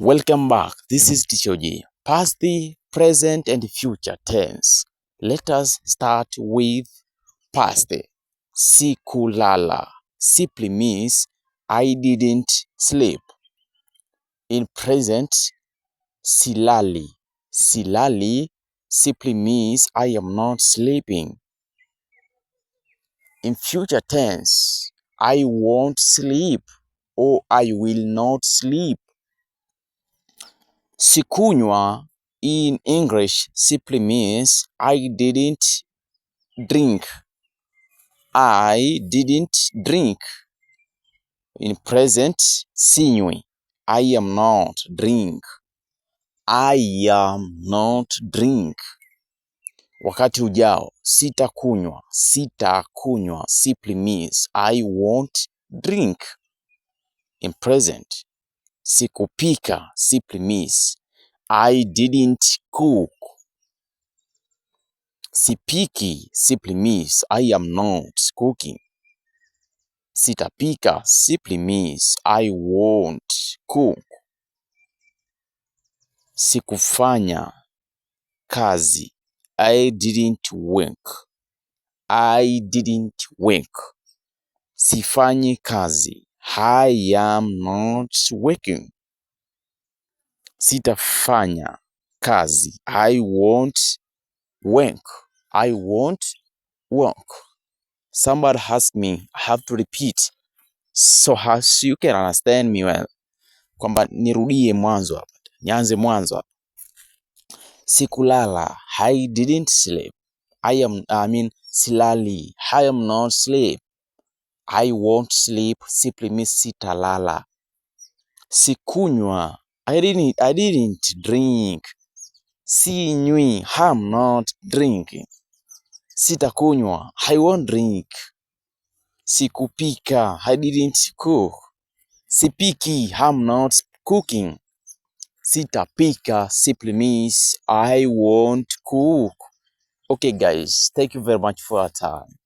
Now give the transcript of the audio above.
Welcome back. This is Teacher G. Past, the present, and future tense. Let us start with past. Sikulala simply means I didn't sleep. In present, silali. Silali simply means I am not sleeping. In future tense, I won't sleep or I will not sleep. Sikunywa in English simply means I didn't drink. I didn't drink. In present sinywi. I am not drink. I am not drink. Wakati ujao sitakunywa, sitakunywa simply means I won't drink. In present Sikupika, simply means I didn't cook. Sipiki, simply means I am not cooking. Sitapika, simply means I won't cook. Sikufanya kazi. I didn't work. I didn't work. Sifanyi kazi. I am not working. Sitafanya kazi. I won't work. I won't work. Somebody asked me, I have to repeat so as you can understand me well, kwamba nirudie mwanzo hapa, nianze mwanzo hapa. Sikulala. I didn't sleep. I am, I mean, silali. I am not sleep. I won't sleep simply means sitalala. Sikunywa I didn't, I didn't drink. Sinywi I'm not drinking. Sitakunywa I won't drink. Sikupika I didn't cook. Sipiki I'm not cooking. Sitapika simply means I won't cook. Okay guys, thank you very much for your time.